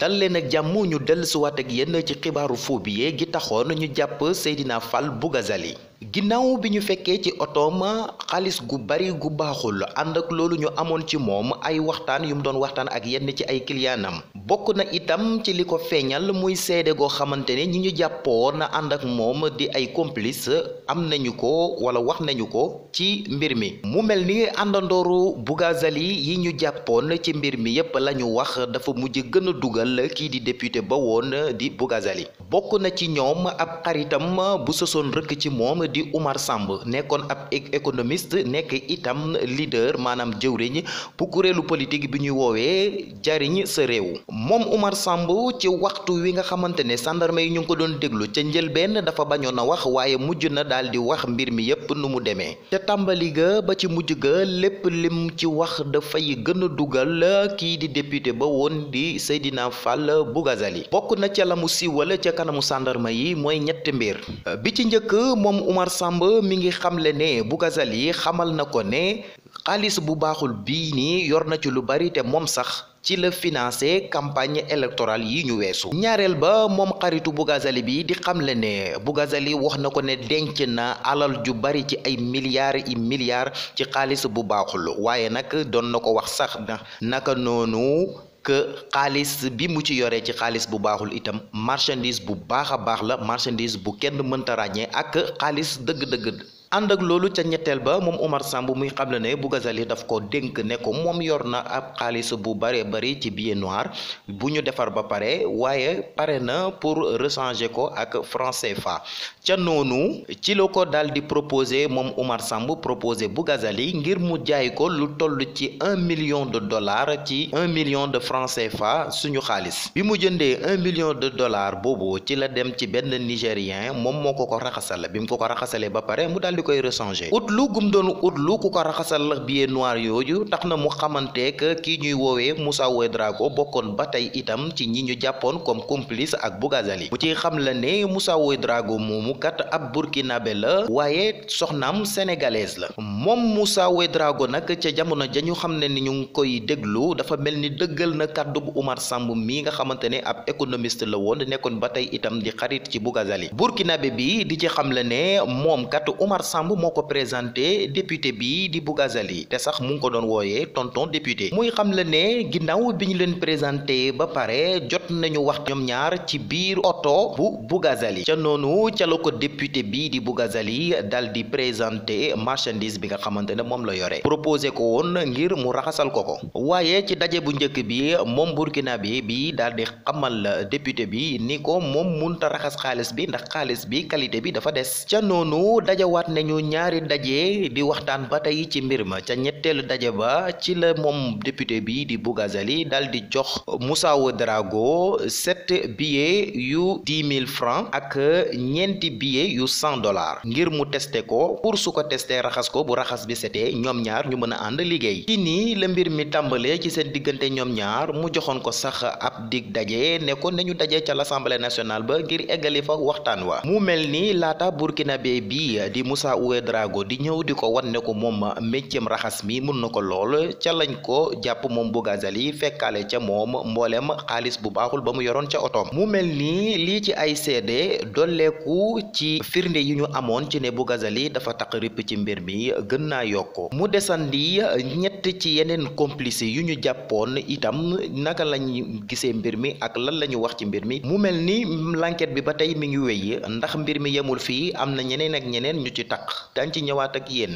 dal leen ak jàmm ñu dellusiwaat ak yéen ci xibaaru fóobi gi taxoon ñu jàpp Seydina Fall Bougazali ginnaaw bi ñu fekkee ci otoom xaalis gu bari gu baaxul ànd ak loolu ñu amoon ci moom ay waxtaan yu mu doon waxtaan ak yenn ci ay kiliyaanam bokk na itam ci li ko feeñal muy seede goo xamante ne ñi ñu jàppoon ànd ak moom di ay complice am nañu ko wala wax nañu ko ci mbir mi mu mel ni àndandooru Bougazelli yi ñu jàppoon ci mbir mi yépp la ñu wax dafa mujj gën a dugal kii di député ba woon di Bougazelli bokk na ci ñoom ab xaritam bu sosoon rëkk ci moom di Umar Samb nekkoon ab économiste nekk itam leader maanaam jëwriñ bu kuréelu politique bi ñuy woowee jariñ sa réew moom Umar Samb ci waxtu wi nga xamante ne sandarma yi ñu ngi ko doon déglu ca njëlbeen dafa bañoon a wax waaye mujj na daal di wax mbir mi yépp nu mu demee ca tàmbali ga ba ci mujj ga lépp lim ci wax dafay gën a dugal kii di député ba woon di Seydina Fall Bougazali bokk na ca la mu siiwal ca kanamu sàndarma yi mooy ñetti mbir bi ci njëkk Omar Samb mi ngi xamle ne Boughazali xamal na ko ne xaalis bu baaxul bii nii yor na ci lu bari te moom sax ci la financé campagne électorale yi ñu weesu ñaareel ba moom xaritu Boughazali bii di xamle ne Boughazali wax na ko ne denc na alal ju bari ci ay miliyar i milliards ci xaalis bu baaxul waaye nag doon na ko wax sax naka noonu xaalis bi mu ci yoree ci xaalis bu baaxul itam marchandise bu baax a baax la marchandise bu kenn mënta ràññee ak xaalis dëgg-dëgg ànd ak loolu ca ñetteel ba moom Omar Samb muy xam xamle ne bu Gazali daf ko dénk ne ko moom yor na ab xaalis bu bare bari ci billet noir bu ñu defar ba pare waaye pare na pour rechanger ko ak franc CFA ca noonu ci la ko dal di proposer moom Omar Samb proposer bu Gazali ngir mu jaay ko lu toll ci un million de dollars ci un million de français CFA suñu xaalis bi mu jëndee un million de dollar boobu ci la dem ci benn Nigérien moom moo ko ko raxasal bi raxasalee ba di koy rechangé ut lu gum doon ut lu ku ko raxasal billet noir yooyu tax na mu xamanteek kii ñuy woowee Moussa Ouedraogo bokkoon ba tey itam ci ñi ñu jàppoon comme complice ak Bougazelli mu ci xam la ne Moussa Ouedraogo moomu kat ab burkinabé la waaye soxnaam sénégalaise la moom Moussa Ouedraogo nag ca jamono ja ñu xam ne ni ñu ngi koy déglu dafa mel ni dëggal na kàddu bu Oumar Samb mi nga xamante ne ab économiste la woon nekkoon ba tey itam di xarit ci Bougazelli burkinabé bi di ci xam la ne moom kat Oumar Samb moo ko présenté député bi di Bougazali te sax mu ngi ko doon wooyee tonton député muy xam la ne ginnaaw bi ñu leen présenté ba pare jot nañu wax ñoom ñaar ci biir oto bu Bougazali ca noonu ca la ko député bi di Bougazali dal di présenté marchandise bi nga xamante ne moom la yore proposé ko woon ngir mu raxasal ko ko waaye ci daje bu njëkk bi moom burkinabé bi bi daal di xamal député bi ni ko moom munta raxas xaalis bi ndax xaalis bi qualité nañu ñaari daje di waxtaan ba tey ci mbir ma ca ñetteelu daje ba ci la moom député bi di Bougazali daal di jox Moussa Ouedraogo sept billets yu dix mille francs ak ñeenti billets yu cent dollars ngir mu teste ko pour su ko teste raxas ko bu raxas bi setee ñoom ñaar ñu mën a ànd liggéey ci nii la mbir mi tàmbalee ci seen diggante ñoom ñaar mu joxoon ko sax ab dig daje ne ko nañu daje ca l'Assemblée nationale ba ngir eggali fa waxtaan wa mu mel ni laata Moussa Oué Drago di ñëw di ko wan ne ko moom méccam raxas mi mun na ko lool ca lañ ko jàpp moom Bougazelli fekkaale ca moom mboolem xaalis bu baaxul ba mu yoroon ca otoom mu mel ni lii ci ay seede dolleeku ci firnde yu ñu amoon ci ne bu Bougazelli dafa taq ripp ci mbir mi gën naa yokk mu desandi ñett ci yeneen complice yu ñu jàppoon itam naka lañ gisee mbir mi ak lan la wax ci mbir mi mu mel ni l'enquête bi ba tey mi ngi wéy ndax mbir mi yemul fii am na ñeneen taq ci ñëwaat ak yéen